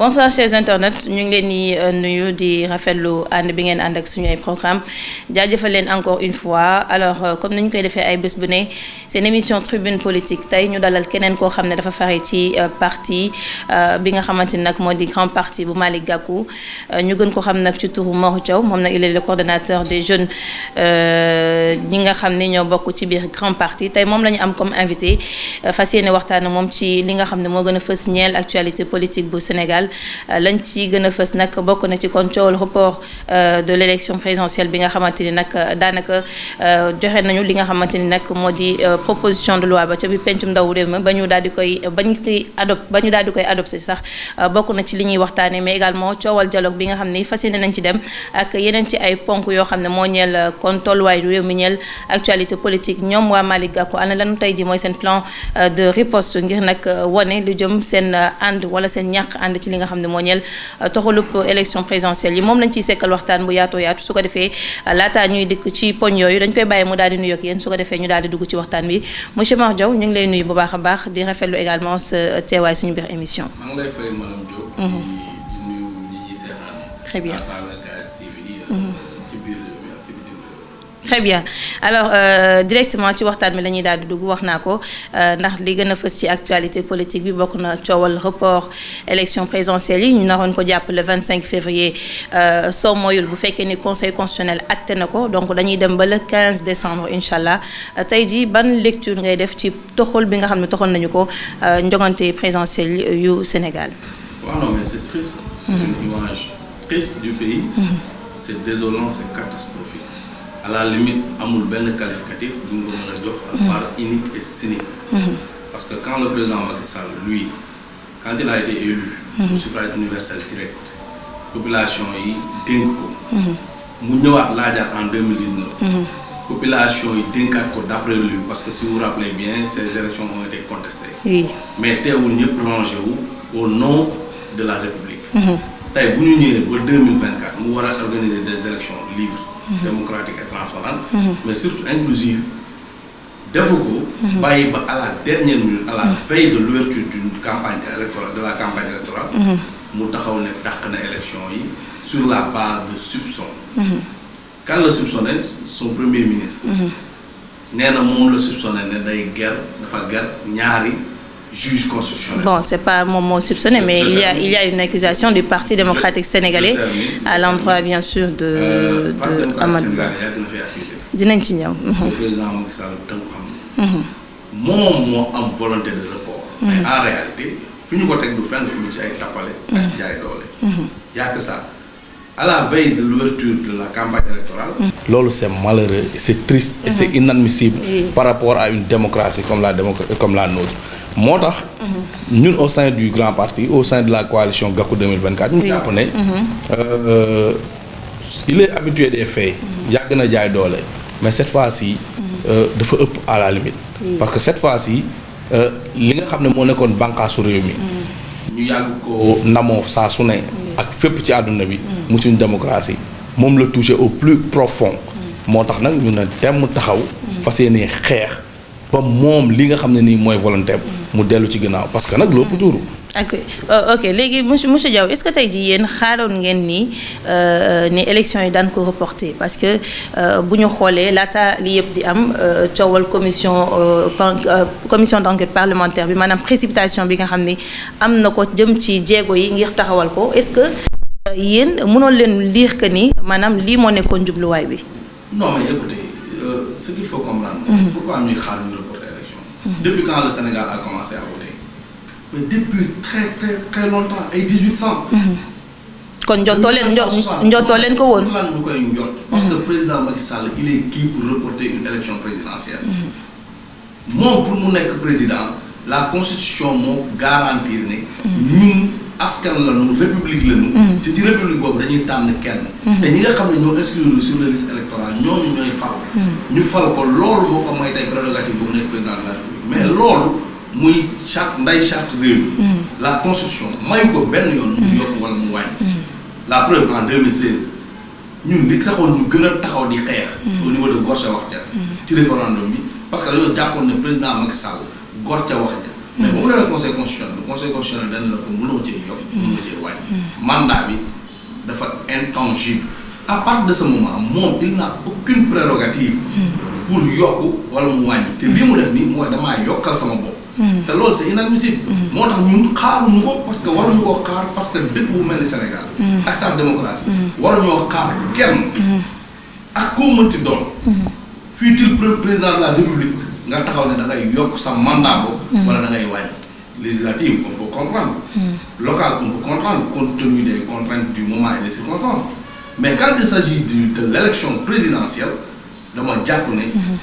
bonsoir chers internautes ñu ngi leen di euh, nuyu di rafetlu ànd bi ngeen ànd ak suñu ay programme jaajëfal leen encore une fois alors euh, comme ni ñu koy defee ay bés bu ne seen émission tribune politique tey ñu dalal keneen koo xam ne dafa fare ci euh, parti bi nga xamante ni nag moo di grand parti bu Malick Gakou ñu gën ko xam nag ci turu Mor Diaw moom nag il est le coordonnateur des jeunes ñi nga xam ne ñoo bokk ci biir grand parti tey moom la ñu am comme invité fas yéene waxtaan moom ci li nga xam ne moo gën a fës ñeel actualité politique bu Sénégal Euh, lañ ci gën a fës nag bokk na ci kon coowal report euh, de l' présidentielle bi nga xamante ni nag euh, daanaka joxe nañu li nga xamante ni nag moo di proposition de loi ba ca bi pencum ndaw réew mi ba ñu daal di koy ba ñu koy adop ba ñu daal di koy adopté sax bokk na ci li ñuy waxtaanee mais également coowal dialogue bi nga xam ni fas yéene nañ ci dem ak yeneen ci ay ponk yoo xam ne moo ñeel kon tolluwaay réew mi ñeel actualité politique ñoom waa Malick Gakou ana lanu tey ji mooy seen plan de riposte nga xam ne moo ñeel euh, toxalub élection présidentielle yi moom lañ ciy sekkal waxtaan bu yaatoo yaatu su ko defee euh, laataa ñuy dikk ci poñ yooyu dañ koy bàyyi mu daal nuyu ak yéen su ko defee ñu daal dugg ci waxtaan bi monsieur Mar Diaw ñu ngi lay nuyu bu baax a baax di rafetlu également sa euh, teewaay suñu biir émission. maa mhm. bien. très bien alors euh, directement ci waxtaan bi la ñuy daal di dugg wax naa ko euh, ndax li gën a fës ci actualité politique bi bokk na coowal report élection présidentielle yi ñu naroon ko jàpp le 25 février euh, soo moyul bu fekkee ni conseil constitutionnel acté na ko donc dañuy dem ba le 15 décembre incha allah euh, tey jii ban lecture ngay def ci toxol bi nga xam ne toxal nañu ko njogante présidentielle yu Sénégal. à la limite amul benn qualificatif bu ñu ko mën a jox. à part mhm. unique et cynique. Mhm. parce que quand le président Macky Sall lui quand il a été élu. au mhm. suffrage universel direct. population yi dénk ko. mu ñëwaat laajaat en population yi dénkaat ko d' lui parce que si vous vous rappelez bien ces élections ont été contestées. mais teewul ñëpp rangé wu au nom de la république. tey bu ñu ñëwee ba mu war organiser des élections libres. démocratique et transparente. Mm-hmm. Mm-hmm. mais surtout inclusive defu ko. Mm-hmm. bàyyi ba à la dernière minute à la veille de l'ouverture d'une campagne électorale de la campagne électorale. mu taxaw ne dàq na élection yi sur la base de soupçon. kan la soupçonné son premier ministre. nee na moom la soupçonné ne day ger dafa ger ñaari. juge constitutionnel. Bon, c'est pas mon mot soupçonné, mais il y, a, une accusation du Parti démocratique sénégalais à l'endroit, bien sûr, de, euh, de Amadou. dinañ mhm. mhm. de report. Mhm. mais en ci ay tappale. ak jaay doole. y a que ça à la veille la campagne loolu c'est malheureux c'est triste et c'est inadmissible. par rapport à une démocratie comme la nôtre. moo tax. ñun au sein du grand parti au sein de la coalition Gakou 2024. ñu jàpp ne. Mhm. Euh, il est habitué des faits. Mhm. yàgg na jaay doole mais cette fois-ci. Mhm. Euh, dafa ëpp à la parce que cette fois-ci euh, li nga xam ne moo nekkoon bànqaasu réew mi. ñu yàgg ko namoo saa su ne. ak fépp ci àdduna bi. mu suñu démocratie moom la touché au plus profond. moo tax nag ñu ne temm taxaw. fas yéene xeex ba moom li nga xam ne nii mooy volonté mu dellu ci ginnaaw parce que nag lépp tuuru. ok euh, ok léegi monsieur monsieur Diaw est tey jii yéen xaaroon ngeen ni euh, ni élection yi daan ko reporter parce que euh, bu ñu xoolee laata li yëpp di am coowal commission commission d'enquête parlementaire bi maanaam précipitation bi nga xam ni am na ko jëm ci jéego yi ngir taxawal ko est-ce que yéen mënoon leen liir que ni maanaam lii moo nekkoon jubluwaay bi. Mhm. depuis a le Sénégal a commencé à voter mais depuis très très très longtemps ay dix huit cent. Mhm. kon njottoo leen njottoo leen ko woon. lan lu parce que mhm. président Macky Sall il est pour reporter une élection présidentielle. moom pour mu nekk président la constitution moo garantir ne. ñun askan la ñu république la ñu. te ci république boobu dañuy tànn kenn. te ñi nga xam ne ñoo exclure sur les listes électorales ñooñu ñooy fal. ñu fal ko loolu mais loolu muy charte nday charte réew mi mm. la constitution mayu ko benn yoon mu mm. yokk wala mu wàññi mm. la preuve en 2016 ñun li taxoon ñu gën taxaw di xeex au niveau de Gorca wax ja ci référendum bi parce que dañoo jàppoon ne président Macky Sall Gorca wax ja mais ba demee conseil constitutionnel le conseil constitutionnel dañ la ko mënoo cee yokk mënoo cee wàññi mandat bi dafa intangible à de ce moment moom il n'a prérogative pour yokk wala mu wàññi te lii mu def nii mooy damaa yokkal sama bopp. Hmm. te loolu c'est inadmissible. Hmm. moo tax ñun xaaruñu ko parce que waruñu ko xaar parce dëkk bu mel ni Sénégal. Hmm. ak sa démocratie. waruñoo xaar kenn. ak koo mënti doon. fut-il président de la république nga taxaw ne da yokk sa mandat boobu. wala wàññi. législative on peut local on peut comprendre compte tenu du moment et des mais quand il s'agit de de l'élection dama jàpp ne. Mhm.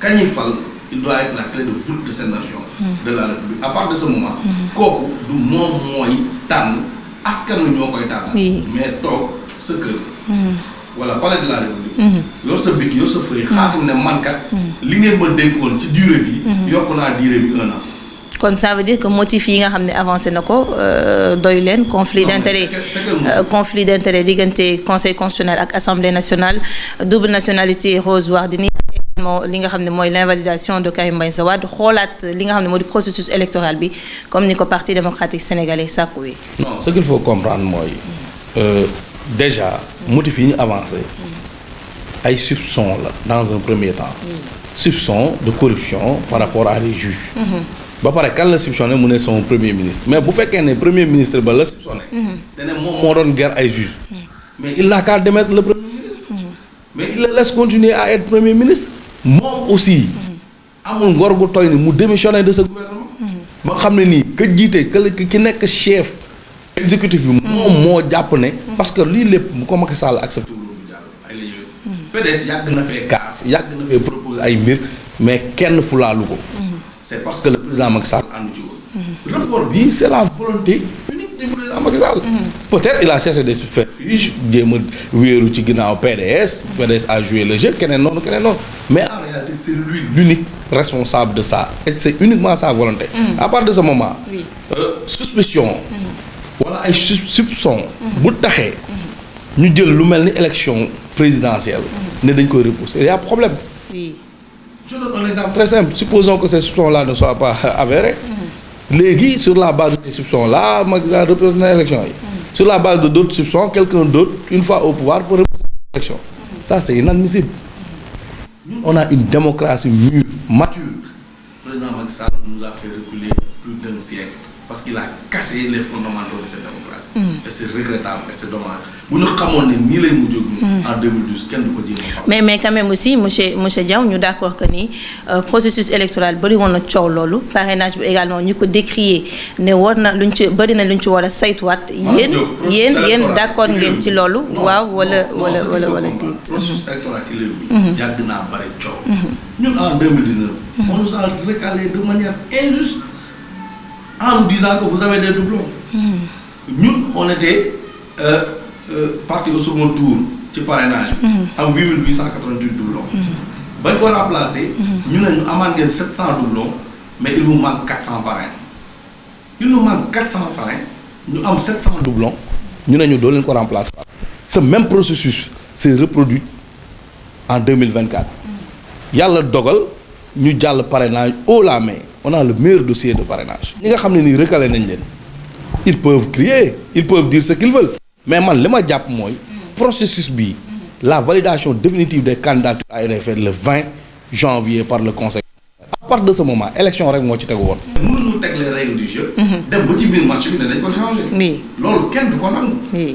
kañ ñuy fal il doit a la clé de voûte de cette nation. Mhm. de la république à de ce moment. Mhm. kooku du moom mooy tànn askan wi ñoo koy tànn. mais toog sa kër. wala palais de la république. yor sa bic yor sa feuille xaatim ne li ngeen ma dénkoon ci durée bi. yokk naa durée bi un kon ça veut dire que motif yi nga xam ne avancé na ko euh, doy leen conflit d'intérêt euh, conflit d'intérêt diggante conseil constitutionnel ak assemblée nationale double nationalité Rose Wardini moo li nga xam ne mooy l'invalidation de Karim Meïssa Wade xoolaat li nga xam ne moo di processus électoral bi comme ni ko parti démocratique sénégalais sàkkuwee. non ce qu'il faut comprendre mooy euh, déjà motif yi ñu avancé ay soupçons la dans un premier temps mm. soupçons de corruption par rapport ba pare kan la soupçonné mu ne son premier ministre mais bu fekkee ne premier ministre ba la soupçonné mhm. te ne moom moo doon ger mhm. mais il n'a qu'à démettre le premier ministre mhm. mais il le laisse continuer à être premier ministre moom aussi amul ngor gu toy ni mu démissionné de sa gouvernement ba xam ne nii ka jiite ka ki nekk chef exécutif bi moom moo jàpp ne parce que lii lépp mu ko Macky Sall accepté loolu yàgg na fee kaas yàgg na fee proposer ay mbir mais kenn fulaalu ko président Macky Sall ànd ci woon. Mm-hmm. report bi c' la volonté mm-hmm. peut être il a cherché des subterfuges jéem a wéeru ci ginnaaw PDS. PDS a joué le jeu keneen noonu keneen noonu mais en réalité c' lui l'unique responsable de sa et c' uniquement sa volonté. Mm-hmm. à partir de ce moment. Euh, suspicion. wala ay soupçon bu taxe ñu jël lu mel ni élection présidentielle. ne dañ koy repousser y' problème. je donne un exemple très simple supposons que ces soupçons-là ne mhm. sur la base des soupçons-là Macky Sall repousse na élection mhm. sur la base de d'autres soupçons quelqu'un d'autre une fois au pouvoir pour repousser l'élection mhm. ça c'est inadmissible a une démocratie mûre mature président Macky Sall nous a fait reculer plus d'un siècle parce qu'il a cassé les fondements de cette démocratie Mm. et bu ñu xamoon ne nii lay mujjee. Mm. en 2012 mais mais quand même aussi monsieur Diaw ñu d' accord que ni euh, processus électoral bëri woon na coow loolu parrainage bi également ñu ko décrier ne war na luñ ci bëri na luñ ci war a saytuwaat. Ah, yéen yéen yéen d' accord ngeen ci loolu. waaw wala wala wala wala déet. processus électoral ci réew mi. Mm-hmm. Mm-hmm. yàgg naa bëri coow. Mm-hmm. ñun on était euh, euh, parti au second tour ci parrainage bi. Mhm. am 8888 doublons. Mhm. bañ ko remplacé. Mhm. ñu ne ñu amaat ngeen 700 doublons mais il vous manque 400 parrains. il nous manque 400 parrains ñu am 700 ñu ne ñu doo leen ko remplacé. ce même processus s'est reproduit en 2024. yàlla dogal ñu jàll parrainage haut la main on a le meilleur dossier de parrainage. ñi nga xam ne nii recalé nañ leen. ils peuvent crier ils peuvent dire ce qu'ils veulent mais man li ma jàpp mooy processus bi la validation définitive des candidatures a été faite le 20 janvier par le conseil à partir de ce moment élection rek moo ci teg les règles du jeu. dem ba ci biir match bi ne changé. loolu kenn du ko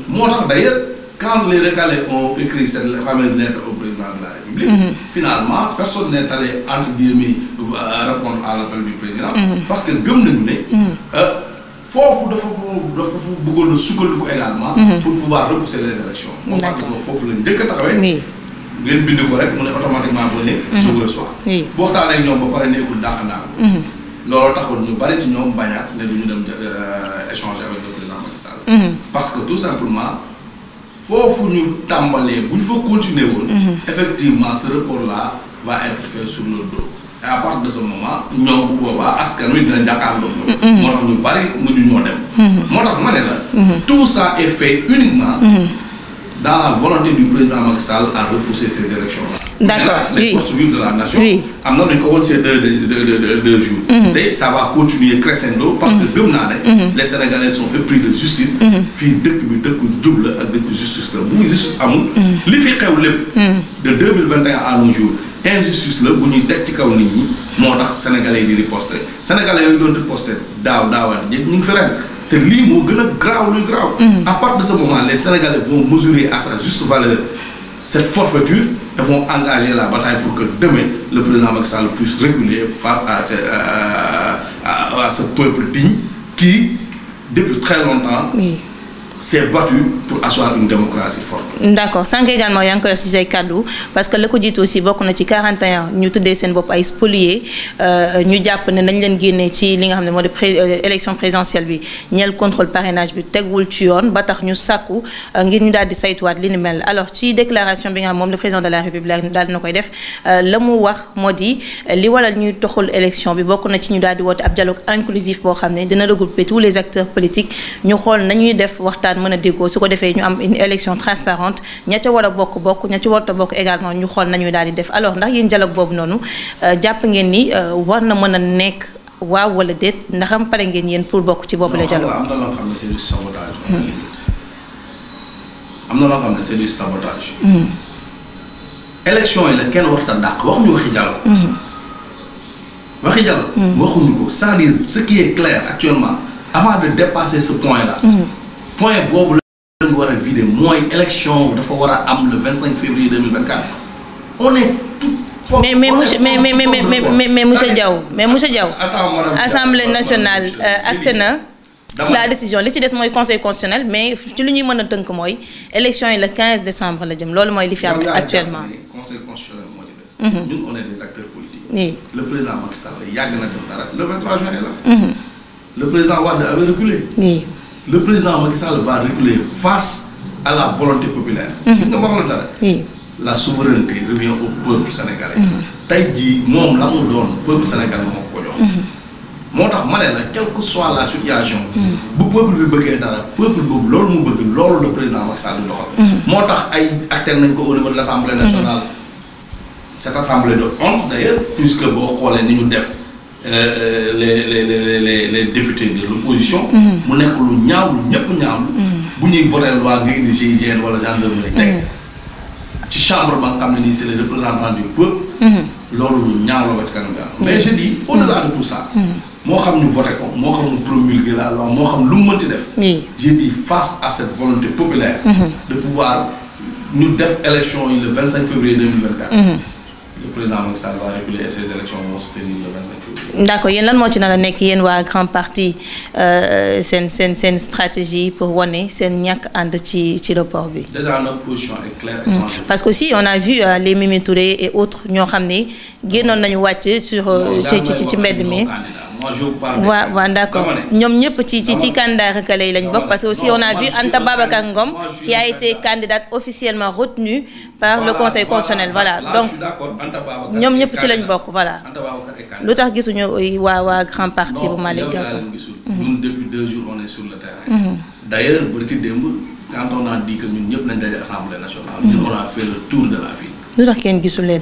moo tax d'ailleurs quand les recalés ont écrit cette fameuse lettre au président de la République. Mhm. finalement personne n'est allé entre euh, répondre à l'appel foofu dafa fa dafa fa bëggoon a sukkandiku également. Mhm. pour pouvoir repousser les élections. moom wax dëgg foofu la njëkk a taxawee. oui ngeen bind ko rek mu ne automatiquement mu ne. Mhm. je vous bu waxtaanee ñoom ba pare mhm. ne du euh, avec le président Macky parce que tout simplement foofu ñu tàmbalee bu ñu fa continuer woon. effectivement ce report là va être sur le dos. à partir de ce moment ñoom bu boobaa askan wi dina jàkkaarloo. Mm-hmm. moo tax ñu bari mujj ñoo dem. Mm-hmm. moo tax ma ne la. Mm-hmm. tout ça est fait uniquement. dans la volonté du président Macky Sall à repousser ces élections là. d'accord oui les forces de la nation. am na lu ñu ko woon ces deux deux deux jours. te ça va continuer crescendo. parce que gëm naa ne. les sénégalais sont épris de justice. fii dëkk bi dëkku jub la ak dëkku justice la bu fi amul. li fi xew lépp. de deux vingt et injustice la bu ñuy teg ci kaw nit ñi moo tax sénégalais yi di riposter sénégalais yooyu doon riposter daaw daawaat ñëpp ñu ngi fi te lii moo gën a graaw luy graaw. Mm-hmm. à partir de ce moment les sénégalais vont mesurer à sa juste valeur cette forfaiture et vont la bataille pour que demain le président Macky Sall puisse réguler face euh, à ce peuple digne qui depuis très longtemps. s'est battu pour asseoir une démocratie forte. d' accord sànq également yaa ngi koy wax ci say kàddu parce que la ko jiitu aussi bokk na ci 41 ñu tuddee seen bopp ay spoliés euh, ñu jàpp ne nañ leen génnee ci li nga xam ne moo di pré euh, élection présidentielle bi ñeel contrôle parrainage bi tegwul ci yoon ba tax ñu sàkku euh, ngir ñu daal di saytuwaat li ni mel alors ci déclaration bi nga xam moom le président de la république daal dina koy def la mu wax moo di li waral ñuy toxul élection bi bokk na ci ñu daal di woote ab dialogue inclusif boo xam ne dina regrouper tous les waxtaan mën a déggoo su ko defee ñu am une élection transparente ña ca war a bokk bokk ña ci warta bokk également ñu xool nañuy daal di def alors ndax yéen dialogue boobu noonu euh, jàpp ngeen ni euh, war na mën a nekk waaw wala déet ndax am pare ngeen yéen pour bokk ci boobu la dialogue. am na loo xam ne c'est du sabotage. Hmm. am na hmm. élection yi la kenn warta dàq waxuñu waxi dialogue. Hmm. waxi dialogue. waxuñu ko c'est-à-dire actuellement avant de dépasser ce point là. point boobu la ñu war a vider mooy élection dafa war a am le 25 février 2024 on est tout. mais mais monsieur mais mais mais mais mais monsieur Diaw mais monsieur Diaw. assemblée nationale euh, acte na. la décision li ci des mooy conseil constitutionnel mais ci li ñuy mën a tënk mooy élection yi le 15 décembre la jëm loolu mooy li fi am actuellement. conseil constitutionnel moo ci des. Mhm. ñun on est des acteurs politiques. oui le président Macky Sall yàgg na dem dara le 23 juin la. Mhm. le président Wade avait reculé. oui. le président Macky Sall va reculer face à la volonté populaire. Mhm. gis nga ma la dara. la souveraineté revient au peuple sénégalais. Mhm. tey jii moom la mu doon peuple sénégalais moo ko jox. Mhm. moo tax ma ne la quelle que soit la situation. bu peuple bi bëggee dara peuple boobu loolu mu bëgg loolu le président Macky Sall di doxal. moo tax ay acteurs nañ ko au niveau de l' assemblée nationale. cette assemblée de honte d' ailleurs puisque boo xoolee ni ñu def. Euh, euh, les les les les les députés de l'opposition mhm. mu nekk lu ñaaw lu ñëpp ñaawlu. Mhm. bu ñuy voté loi nga indi GIGN wala gendarmerie. teg mhm. ci chambre ba nga xam ne nii c'est les représentants du peuple. loolu lu ñaaw la ba ci kanam daal. mais je dis au-delà de tout ça. moo xam ñu voté ko moo xam ñu promulgué la loi moo xam lu mu mënti def. je dis face à cette volonté populaire. de pouvoir ñu def élection yi le vingt cinq février deux mille vingt le président Macky Sall lan moo ci nar a nekk yéen waa grand parti euh, seen seen stratégie pour wane seen ñàkk ànd ci ci bi. Hmm. parce que aussi on a vu euh, les Mimi Touré et autres ñoo xam ne génnoon nañu wàcc sur. Euh, ci ci ci mbedd mi. waaw waaw d'accord ñoom ñëpp ci ci ci candidat recalé yi lañ bokk parce que aussi on a vu Anta Babacar Ngom qui a été candidate officiellement retenue par le conseil constitutionnel voilà donc ñoom ñëpp ci lañ bokk voilà lu tax gisuñu waa waa grand parti bu Malick mhm. mhm. a dit que ñun mhm. lu tax kenn gisul leen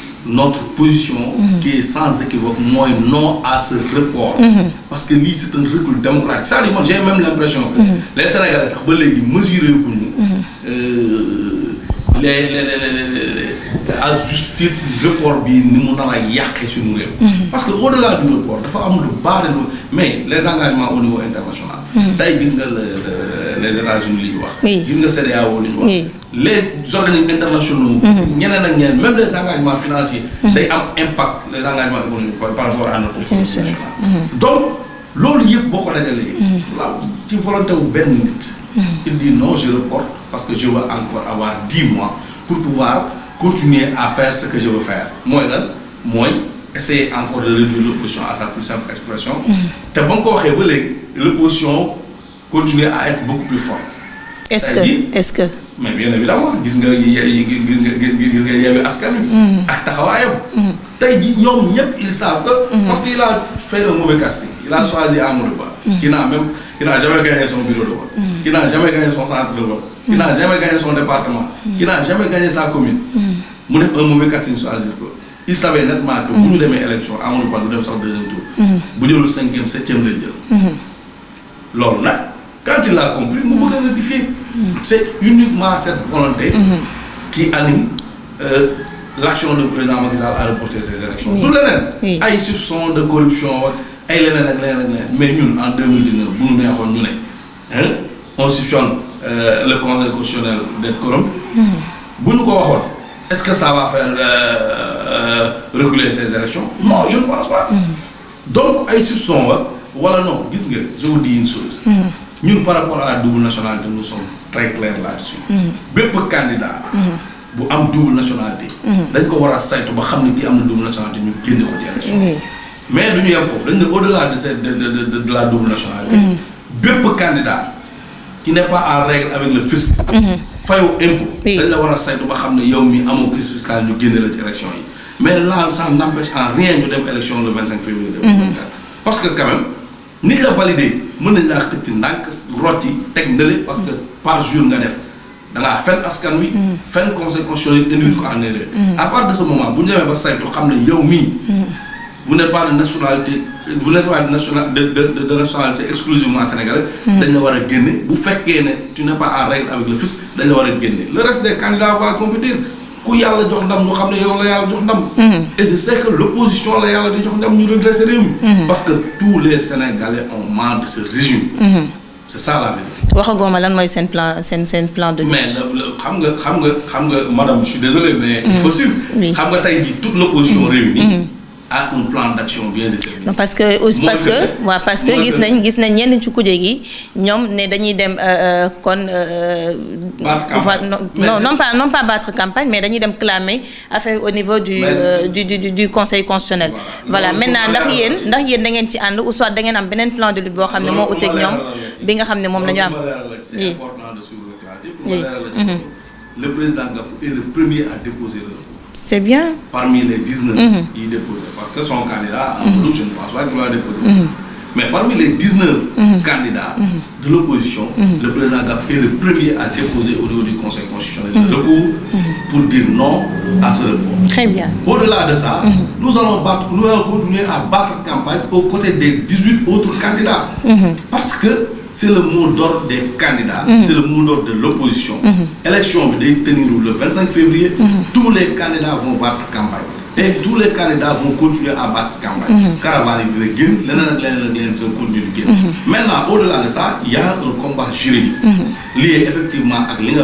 notre position mm -hmm. qui est sans équivoque mooy non à ce report mhm. parce que lii c'est un recul démocratique c'est-à-dire man j'ai même l'impression que mm -hmm. les Sénégalais sax ba léegi mesuré gu ñu mhm. euh, les les les report bi ni mu nar a yàqee suñu réew mhm. parce que au-delà du report dafa am lu bari mais les engagements au niveau international tey nga les États-Unis li ñu wax gis nga CEDEAO li ñu wax les organismes internationaux mhm. ñeneen ak ñeneen même les engagements financiers mhm. day am impact les engagements économiques par rapport à notre économie nationale mhm. donc loolu yëpp boo ko dajalee la ci volonté wu benn nit il dit non je reporte parce que je veux encore avoir dix à faire ce que je veux faire mooy lan mooy essayer encore de réduire l'opposition à sa plus simple expression est-ce que est-ce que. mais bien évidemment gis nga gis nga mm-hmm. ak taxawaayam. Mm-hmm. tey jii ñoom ñëpp ils savent que. Mm-hmm. parce que il a fait un mauvais casting. il a choisi Amadou Ba. il n'a même il n'a jamais gagné son bureau de vote. il n'a jamais gagné son centre de vote. il n'a jamais gagné son département. il n'a jamais gagné sa commune. mu def un mauvais casting choisir ko. il savait nettement que bu ñu demee élection Amadou Ba du dem sax deuxième tour. bu jëlul cinquième septième lay jël. loolu nag quand il c'est uniquement cette volonté mm-hmm. qui anime euh, l'action du président Macky Sall à reporter ces élections du leneen ay soupçon de corruption ak ay leneen ak leneen ak leneen mais ñun en 2019 bu ñu neexoon ñu ne on soupçonne euh, le conseil constitutionnel d'être corrompu mm-hmm. bu ñu ko waxoon est-ce que ça va faire euh, reculer ces élections non je pense pas mm-hmm. donc ay soupçon wa wala non gis nga je vous dis une ñun par rapport à la double nationalité nous sommes très clairs là mm-hmm. bépp candidat. Mm-hmm. bu am double nationalité. Mm-hmm. dañ ko war a saytu ba xam ne kii am na double nationalité ñu génne ko ci élection. mais du ñu yem foofu dañ ne au-delà de cette de de de la double nationalité. bépp candidat qui n'est pas en règle avec le fisc. fayoo impôt. dañ la war a saytu ba xam ne yow mi amoo crise fiscale ñu génne la ci élection yi mais là ça n'empêche en rien ñu dem élection le nit la validé mën nañ laa xëcc ndànk rotti teg ndële parce que par jour nga def da ngaa fen askan wi. Mm. fen conseil constitutionnel tenir ko en erreur. Mm. à part de ce moment bu ñu demee ba saytu xam ne yow mii. Mm. vous n'êtes de nationalité vous n'êtes de nationalité exclusivement sénégalaise. dañ la war a génne bu fekkee ne tu n'es pas en règle avec le fisc dañ la war a génne le reste des candidats va compétir. ku yàlla jox ndam ñu xam jox ndam. Mhm. et je que l' opposition la jox ndam ñu redresser réew mi. Mhm. parce que tous les Sénégalais ont marre de ce régime. Mhm. c' ça la vérité. waxagoo ma lan mooy seen plan seen plan de lutte. mais xam nga xam nga xam nga madame je suis tey jii toute l' opposition à parce que aussi parce que waaw parce que gis nañ gis nañ ñenn ci kuje gi ñoom ne dañuy dem euh, euh, kon. Euh, non non pas non pas battre campagne mais dañuy dem clamer affaire au niveau du du du du conseil constitutionnel. voilà maintenant ndax yéen ndax yéen da ngeen ci ànd ou soit da ngeen am beneen plan de lutte boo xam ne moo uteeg ñoom bi nga xam ne moom la ñu am. c'est bien. Parmi les 19, mm -hmm. il dépose. Parce que son candidat, en mm -hmm. je ne pense pas qu'il va mhm. mhm. Mhm. de l'opposition, le président Gap est au niveau du Conseil constitutionnel le recours pour dire non à ce report. Très bien. Au-delà de ça, mm -hmm. nous, allons battre, nous allons continuer à battre campagne aux côtés des 18 autres candidats. Mhm. Parce que c'est le mot d'ordre des candidats, mhm. c'est le mot d'ordre de l'opposition. L'élection mhm. va tenir le février, tous les candidats vont battre campagne. Et tous les candidats vont continuer à battre campagne. Caravane de Guin, continuer de Maintenant, au-delà de ça, il y a un combat juridique lié effectivement à l'Inga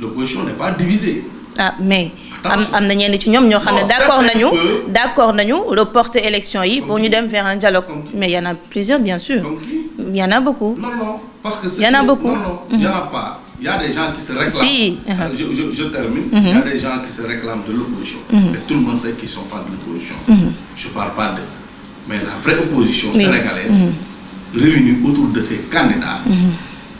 l'opposition n'est pas divisée. ah mais am am na ñenn ci ñoom ñoo xam ne d'accord nañu d'accord nañu reporter élection yi pour ñu dem vers un dialogue mais y en a plusieurs bien sûr. y en a beaucoup. non parce que y en a beaucoup. Mm-hmm. si euh, mm-hmm. je je termine. Mm-hmm. qu'ils sont pas de l'opposition. je parle pas de mais sénégalaise réunie autour de ses candidats.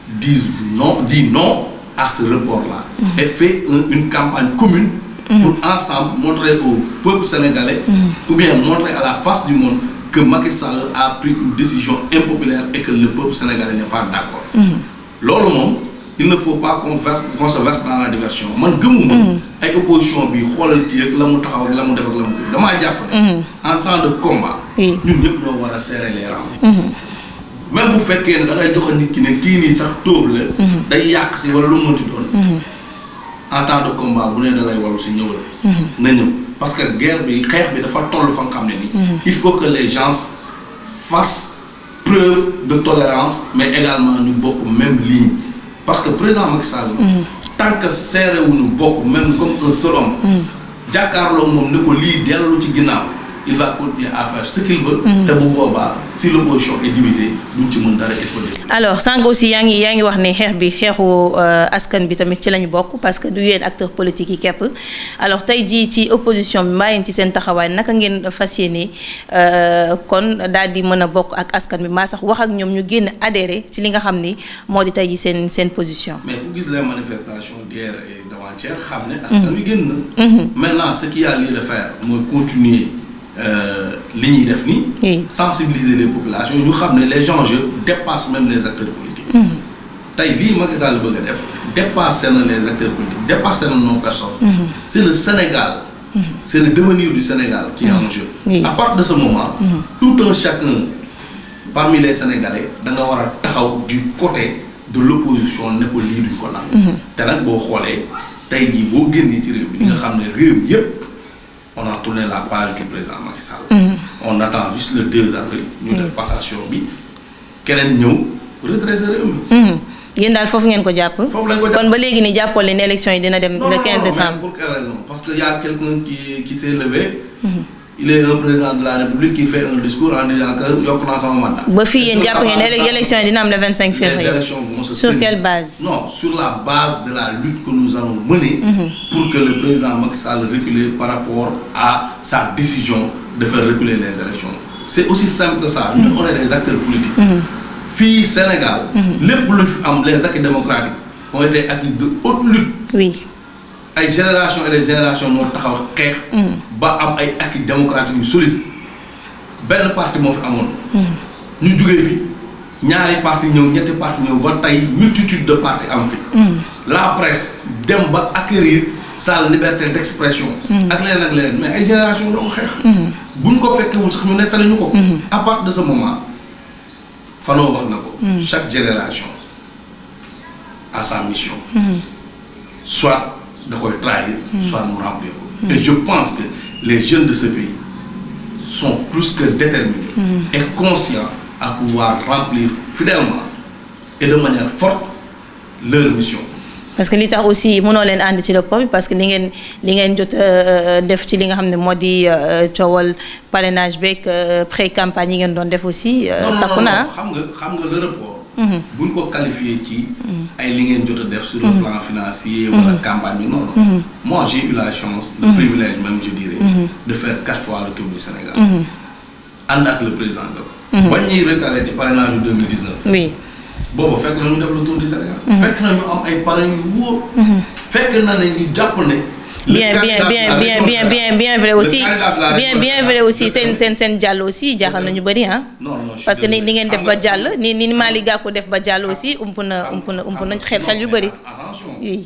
disent non dit non. a ce report-là. Mmh. et fait un, une campagne commune. Mm. pour ensemble montrer au peuple sénégalais. Mm. ou bien montrer à la face du monde que Macky Sall a pris une décision impopulaire et que le peuple sénégalais n'est pas d'accord. Mm. loolu moom il ne faut pas qu'on dans la diversion man gëmuma ay opposition bi xoolal kii ak la mu taxaw la mu def ak la mu kii damaa jàpp ne. en temps de combat. ñun ñëpp ñoo war a serrer les rangs. Mm-hmm. même bu fekkee ne da ngay joxe nit ki kii nii sax tóob la. Mhm. day yàq si wala lu mu mënti doon. Mhm. en temps de combat bu nee da lay waru si ñëwal. Mhm. na ñëw parce que guerre bi xeex bi dafa toll fa nga xam ne nii. il faut que les gens fassent preuve de tolérance mais également ñu bokk même ligne parce que président Macky Sall. tant que seere wu ñu bokk même comme un jàkkaarloo moom ne ko lii dellu ci ginnaaw. il va continuer ce qu'il veut. te bu boobaa si l'opposition est divisée duñ ci mën dara alors sànq aussi yaa ngi yaa ngi wax ni xeex bi xeexu euh, askan bi tamit ci lañu bokk parce que du yéen acteur politique yi kepp alors tey jii ci opposition bi mbaa yéen ci seen taxawaay naka ngeen fas yéene euh, kon daal di mën a bokk ak askan bi maa sax wax ak ñoom ñu génn adhéré ci li nga xam ni moo di tey jii seen seen position. mais ku gis les manifestations d'hier et xam ne. askan wi génn Euh, li ñuy def nii. sensibiliser les populations yu xam ne les enjeux dépassent même les acteurs politiques. Mm. tey lii Macky Sall bëgg a def dépassé na les acteurs politiques dépassé na nos personnes. Mm-hmm. c' est le Sénégal. Mm-hmm. c' est Sénégal qui est en mm-hmm. de ce moment. tout un chacun parmi les Sénégalais da war a taxaw du côté de l' ne ko lii duñ ko naan. te nag boo xoolee tey jii boo génnee ci réew mi. nga xam ne réew mi yëpp. on a tourné la page du président Macky Sall. Mm-hmm. on attend juste le 2 avril. ñu def mm-hmm. passation bi keneen ñëw redresser mm-hmm. daal foofu ngeen ko jàpp. foofu lañ ko jàpp kon ba léegi nii jàppoo leen élection yi dina dem. le 15 décembre parce que y' a quelqu'un qui qui s'est il est un président de la république qui fait un discours en disant que yokk naa sama mandat. ba fii yéen jàpp ngeen ne élection yi dina am février. sur quelle base. sur la base de la lutte que nous allons mener. Mhm. pour que le président Macky Sall par rapport à sa décision de faire reculer les élections c'est aussi simple ça. ñun mhm. on est des acteurs politiques. Mhm. fii Sénégal. lépp luñ fi am les acquis démocratiques ont été acquis de haute lutte. oui. ay génération et génération générations taxaw xeex. Mm. ba am ay acquis démocratique yu solide benn parti moo fi amoon. Mm. ñu jugee fi ñaari parti ñëw ñetti parti ñëw ba tey multitude de parti am fi. Mm. la presse dem ba acquérir sa liberté d'expression. ak leneen ak leneen mais ay génération doo ko xeex. buñ ko fekkewul sax ñu nettali ñu ko. à de ce moment fanoo wax na ko. chaque génération a sa mission. de quoi trahir, hmm. soit nous remplir. Hmm. Et je pense que les jeunes de ce pays sont plus que déterminés hmm. et conscients à pouvoir remplir fidèlement et de manière forte leur mission. parce que li tax aussi mënoo leen ànd ci lépp parce que li ngeen li ngeen jot euh, euh, def ci li nga xam ne moo di euh, coowal parrainage beeg pré campagne yi ngeen doon def aussi. takku naa xam Mm-hmm. buñ ko qualifier ci mm-hmm. ay li ngeen jot a def sur le mm-hmm. plan financier wala campagne bi noonu moi j'ai eu la chance le privilège même je dirais de faire quatre fois le tour du Sénégal ànd ak le président Ndao bañ ñuy recalé ci parrainage deux mille dix-neuf boobu fekk na ñu def le tour du Sénégal fekk na ñu am ay parrain yu wóor fekk na ne ñu jàpp ne bien bien bien bien bien bien bien vrai aussi bien bien vrai aussi seen seen seen jàll aussi jaaxal nañu bëri ah. parce que ni ni ngeen def ba jàll ni ni Malick Gakou def ba jàll aussi ump na ump na ump nañ xel xel yu bëri. oui.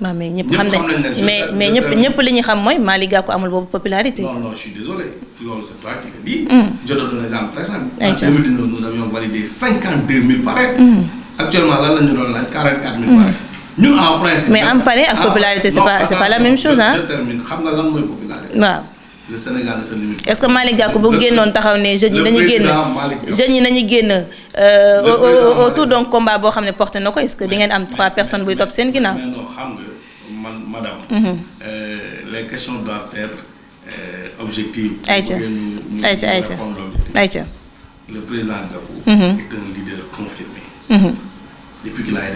waaw mais ñëpp xam nañ mais mais ñëpp ñëpp li ñu xam mooy Malick Gakou amul boobu popularité. non non je suis désolé loolu c'est toi qui le dis. je te donne un exemple très simple. en 2019 nous avions validé 52 000 parrain. actuellement lan la ñu doon laaj 44 000 parrain. ñun en mais am pare ak popularité c'est pas c'est pas la même chose ah. waaw. est-ce que Malick Gakou bu génnoon taxaw ne jeunes yi nañu génn jeunes yi nañu génn euh, autour donc combat boo xam ne porte na ko est-ce que di ngeen am trois personnes buy topp seen ginnaaw. mais non xam nga man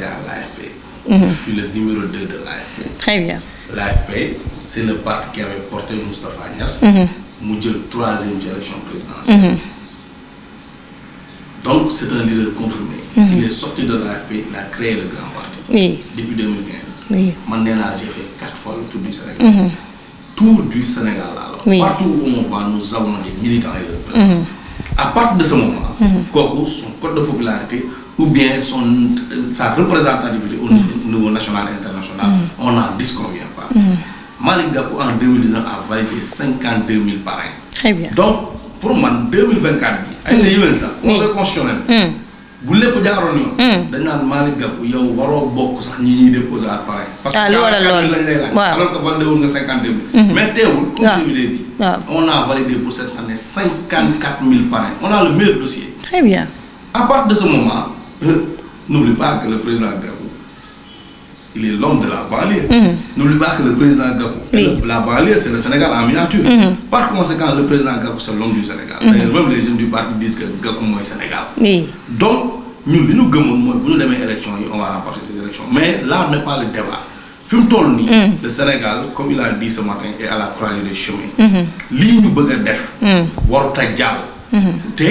a été Je suis le numéro 2 de l'AFP. Très bien. L'AFP, c'est le parti qui avait porté Moustapha Niass. Mhm. mu jël troisième élection présidentielle. Mhm. donc c'est un leader confirmé. Mhm. il est sorti de l'AFP il a créé le grand parti. oui depuis 2015. man nee naa j'ai fois le tour du Sénégal. tour du Sénégal alors. oui on va nous avons des militants et à partir de ce kooku son code de popularité. ou bien son, sa représentativité au niveau, national et international, mm. on en disconvient pas. Mm. Malik Gakou en 2010 a validé 52 000 parrains. Très bien. Donc, pour moi, 2024, il y a eu ça, conseil constitutionnel. Mm. bu lépp jaaroon yoon. dañ naan Malick Gakou yow waroo bokk sax ñi ñuy déposé à parrain. parce ah, que lañ lay laaj. alors que validé woon nga cinquante deux mille. Mm-hmm. mais teewul. comme bi on a validé pour cette année cinquante quatre mille parrain on a le meilleur dossier. très bien. à partir de ce moment. n'oublie pas que le président Gabou il est l'homme de la banlieue. Mmh. n'oublie pas que le président Gabou. Oui. la banlieue c'est le Sénégal en miniature. Mmh. par conséquent le président Gabou c'est l'homme du Sénégal. Mhm. d'ailleurs même les jeunes du parti disent que Gabou mooy Sénégal. donc ñun li ñu gëmoon mooy bu ñu demee élection yi on va remporter ces élections mais là n'est pas le débat. fi toll nii. Mhm. le Sénégal comme il a dit ce matin est à la croisée des chemins. Mhm. lii ñu bëgg a def. warut a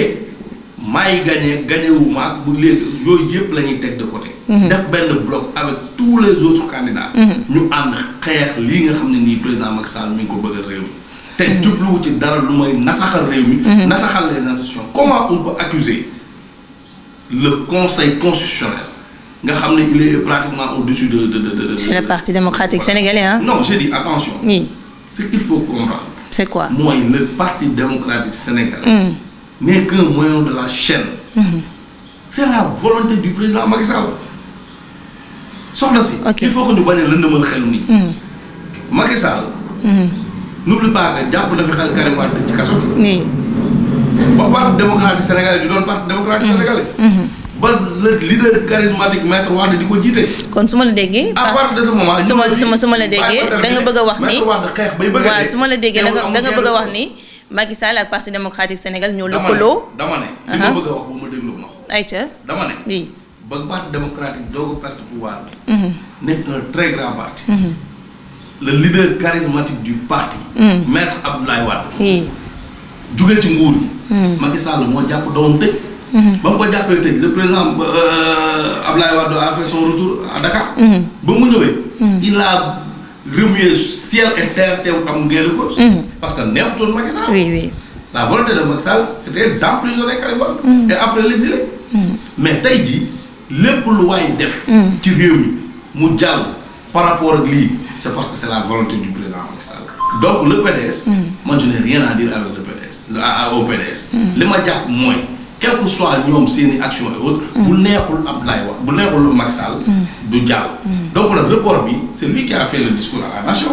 maay gagné gagné wu maag bu léegi yooyu yëpp la teg de côté. Mhm. def benn bloc avec tous les autres candidats. Mhm. ñu ànd xeex lii nga xam ne nii président Macky Sall mi ngi ko bëgg a réew mi. te mhm. jubluwu ci dara lu may nasaxal réew mi. nasaxal les institutions comment on accuser le conseil constitutionnel nga xam ne il est pratiquement au-dessus de de de de. c'est le parti démocratique sénégalais non j'ai dit attention. oui qu'il faut comprendre. c'est quoi mooy le n'est qu'un moyen de la chaîne. Mm-hmm. c'est la volonté du président Macky Sall. soxna si. il faut que ñu bañ a lëndëmal xelu nit. Mm-hmm. Macky Sall. Mm-hmm. n'oublie pas que jàpp na fi xel Karim Wade ci kaso bi. ba parti démocratique sénégalais di doon parti démocratique sénégalais. ba le leader charismatique maître Wade di ko jiite. kon su la déggee. à ah, part de la déggee da bëgg a wax ni. maître Wade a dee. ma la déggee da nga bëgg a wax ni. Macky ak parti démocratique Sénégal ñoo lëkkaloo. dama ne dama ne. li ma bëgg a wax bu ma dégloo ma wax. ayca dama ne. oui ba parti démocratique doog a perte pouvoir bi. Mhm. nekk un très grand parti. Mhm. le leader charismatique du parti. Mhm. maître Abdoulaye Wade. oui jugee ci nguur gi. Macky Sall moo jàpp doon tëj. ba mu ko jàppee tëj le président euh, Abdoulaye Wade a fait son retour à Dakar. ba mu ñëwee. il a remuer ciel et terre teewul am ngeen ko. Mm. parce que neexutoon Macky Sall. oui la volonté de Macky Sall c' était d' emprisonner Karim Wade. Mm. et après l' mm. mais tey jii lép lu waay def. ci réew mi mu jàll par rapport ak lii c' parce que c' la volonté du président Macky donc le man je n'ai rien à dire avec le PDS au PDS. li ma jàpp mooy. quel que soit ñoom seeni action et autres. bu mm. neexul Abdoulaye wax bu neexul Macky Sall. Mm. du jàll. Mm. donc nag report bi c'est lui qui a fait le discours à nation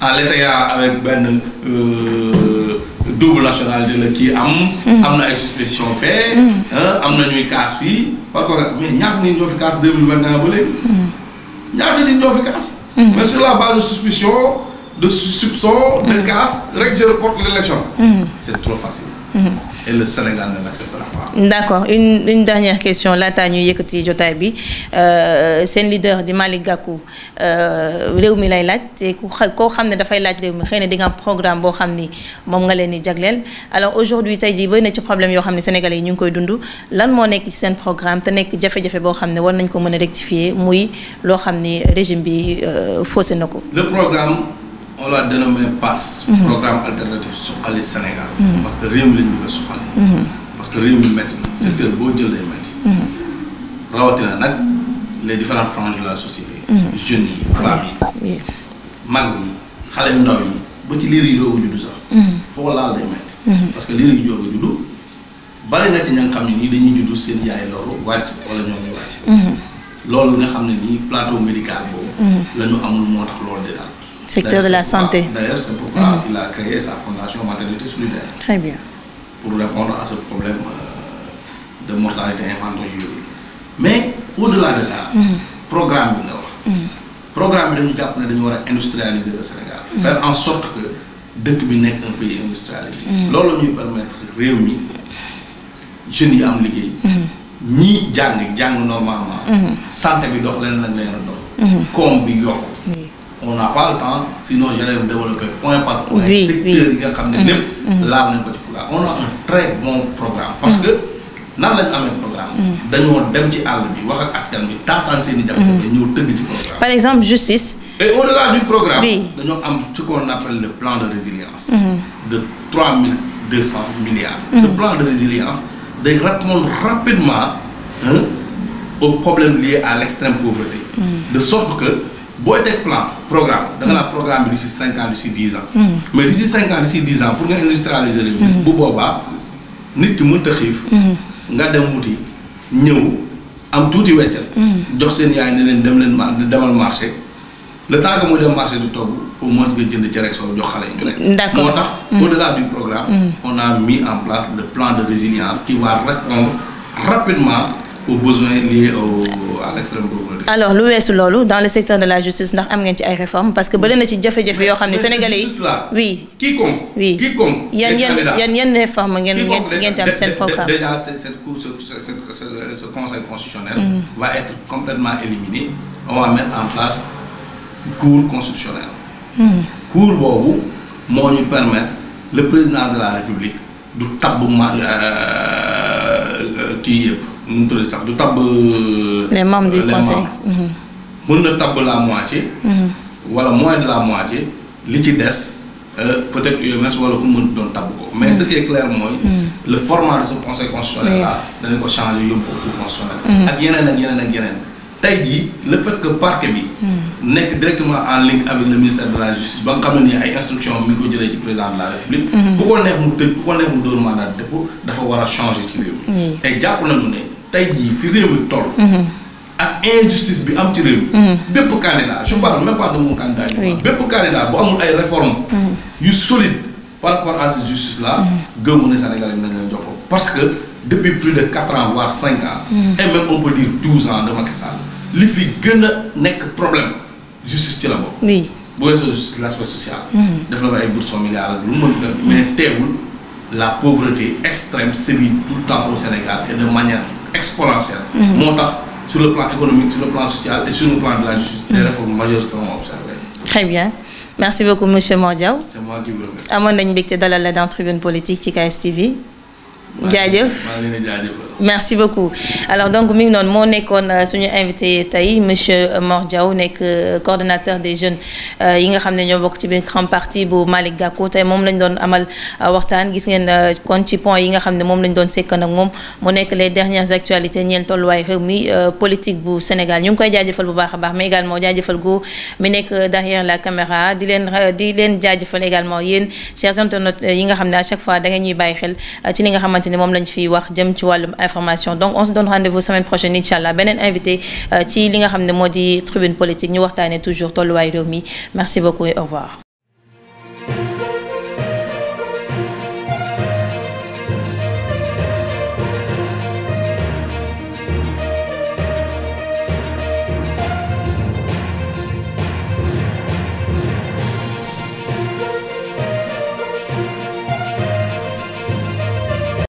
à l'état avec benn euh, double nationalité la kii am. am na ay suspicion am na ñuy kaas fii parce que mais ñaata nit ñoo fi kaas deux mille vingt et ñaata nit ñoo fi kaas. mais sur la base suspicion de soupçon de casse rek je reporte l'élection. c'est trop facile. et le accord une une dernière question laataa ñuy yëkkati jotaay bi euh, seen leader di Malick Gakou euh, réew mi lay laaj te ku xa koo xam ne dafay laaj réew mi xëy na di nga programme boo xam ni moom nga leen di jagleel alors aujourd'hui tey jii bëri na ci problème yoo xam ne Sénégalais yi ñu ngi koy dund lan moo nekk ci seen programme te nekk jafe-jafe boo xam ne war nañ ko mën a rectifier muy loo xam ni régime bi euh, faussé na ko. on l'a dénommé PASS. Mhm. programme alternatif suqali Sénégal. Mhm. parce que réew mi lañ bëgg a suqali. Mhm. parce que réew mi métti na. secteur boo jëlee métti. rawatina nag les différentes franges de la société. jeunes yi femmes yi. mag yi xale yu ndaw yi ba liir yi doog a juddu sax. foo laal day métti. parce que liir yi doog a juddu bari na ci ña nga xam ne nii dañuy juddu seen yaay loru wàcc wala ñoom ñu wàcc. loolu nga xam ne nii plateau médical boobu. la amul moo tax loolu secteur de la santé. D'ailleurs, c'est pourquoi mm il a créé sa fondation Maternité Très bien. Pour répondre à ce problème euh, de mortalité infantile. Mais au-delà de ça, mm -hmm. programme bi nga wax. Mhm. programme bi dañu jàpp ne dañu war a industrialiser le Sénégal. Mhm. faire en sorte que dëkk bi nekk un pays industrialisé. Mhm. loolu ñuy permettre réew mi jeunes yi am liggéey. ñii jàng jàng normalement. santé bi dox leen lañ leen a dox. koom bi yokk. on n'a pas le temps sinon j'allais me développer point par point. secteur yi nga xam ne mhm. lépp. Mhm. laal nañ ko ci programme on a un très bon programme. parce mhm. que na la ñu amee programme. dañoo dem ci àll bi wax ak askan bi taataan seen i jafe-jafe ñëw tëgg ci programme. par exemple justice. et au-delà du programme. dañoo am ce qu'on appelle le plan de résilience. de trois mille milliards. ce plan de résilience day répondre rapidement aux problèmes liés à l'extrême pauvreté. de sorte booy teg plan programme da nga programme bi d'ici cinq ans d'ici dix ans. Mm. mais d'ici cinq ans d'ici dix ans pour nga industrialiser réew mi. Mm. bu boobaa nit ki mënta xiif. Mm. nga dem wuti ñëw am tuuti weccal jox seen yaay ne leen dem leen ma demal marché le temps que muy dem marché di togg au moins nga jënd ci soo jox xale yi ñu lekk. moo tax au-delà du programme. on a mis en place le plan de résilience qui va répondre rapidement. aux besoins liés au à l'extrême pauvreté. alors lu weesu loolu dans le secteur de la justice ndax am ngeen ci ay réformes parce que bëri na ci jafe-jafe yoo xam ne sénégalais yi oui. quiconque oui quiconque yan yan yan yan réforme ngeen ngeen ngeen ci am seen programme. déjà ce ce ce conseil constitutionnel. Mm. va être complètement éliminé on va mettre en place cour constitutionnelle. Mm. cour boobu moo ñu permettre le président de la république du tabb ma euh, euh, kii yëpp. nu mu tudd sax du tabb. les membres du euh, conseil mhm. mën na tabb la moitié. Mhm. wala moins de la moitié li ci des euh, peut-être UMS wala ku mën doon tabb ko mais ce mhm. qui est mooy. le format de ce conseil constitutionnel là danañ ko changer yóbbu ko cour constitutionnel. ak yeneen ak yeneen ak yeneen. tey jii le fait que parquet bi. nekk directement en link avec le ministère de la justice ba nga xam ne nii ay instructions mi ngi ko jëlee ci président de la république. ku ko neex mu tëj ku ko neex mu dóor mandat de dafa war a changer ci réew tey jii fi réew mi toll. Mhm. ak injustice bi am ci réew mi. Mhm. bépp candidat je parle même pas de mon candidat. oui bépp candidat bu amul ay réformes. Mhm. yu solide par rapport à cette justice là. gëmu ne Sénégal yi nañ leen jokkoo parce que depuis plus de quatre ans voire cinq ans. et même on peut dire douze ans de Macky Sall li fi gën a nekk problème justice ci la bokk. oui bu weesoo justice l'aspect social. def na ko ay bourses familiales ak lu mu mën mais teewul la pauvreté extrême sévit tout le temps au exponentielle. moo tax sur le plan économique sur le plan social et sur le plan de la des réformes majeures seront observées. très bien merci beaucoup monsieur Mor Diaw. c'est moi qui vous remercie. amoon nañu mbégte dalal la dans politique ci KS TV. jaajëf merci beaucoup alors donc mi ngi noonu moo nekkoon euh, suñu invité tey monsieur euh, Mor Diaw nekk euh, coordonnateur des jeunes yi nga xam ne ñoo bokk ci biir grand parti bu Malick Gakou tey moom lañ doon amal waxtaan gis ngeen kon ci point yi nga xam ne moom lañu doon sekkan nag moom mu nekk les dernières actualités ñeel tolluwaay réew mi politique bu Sénégal ñu ngi koy jaajëfal bu baax a baax mais également jaajëfal gu mi nekk derrière la caméra di leen di leen jaajëfal également yéen chers internautes yi nga xam ne à chaque fois da nga ñuy bàyyi xel xamante ni moom lañ fi wax jëm ci wàllum information donc on se donne rendez semaine prochaine incha beneen invité euh, ci li nga xam ne moo di tribune politique ñu waxtaanee toujours tolluwaay réew mi merci beaucoup et au revoir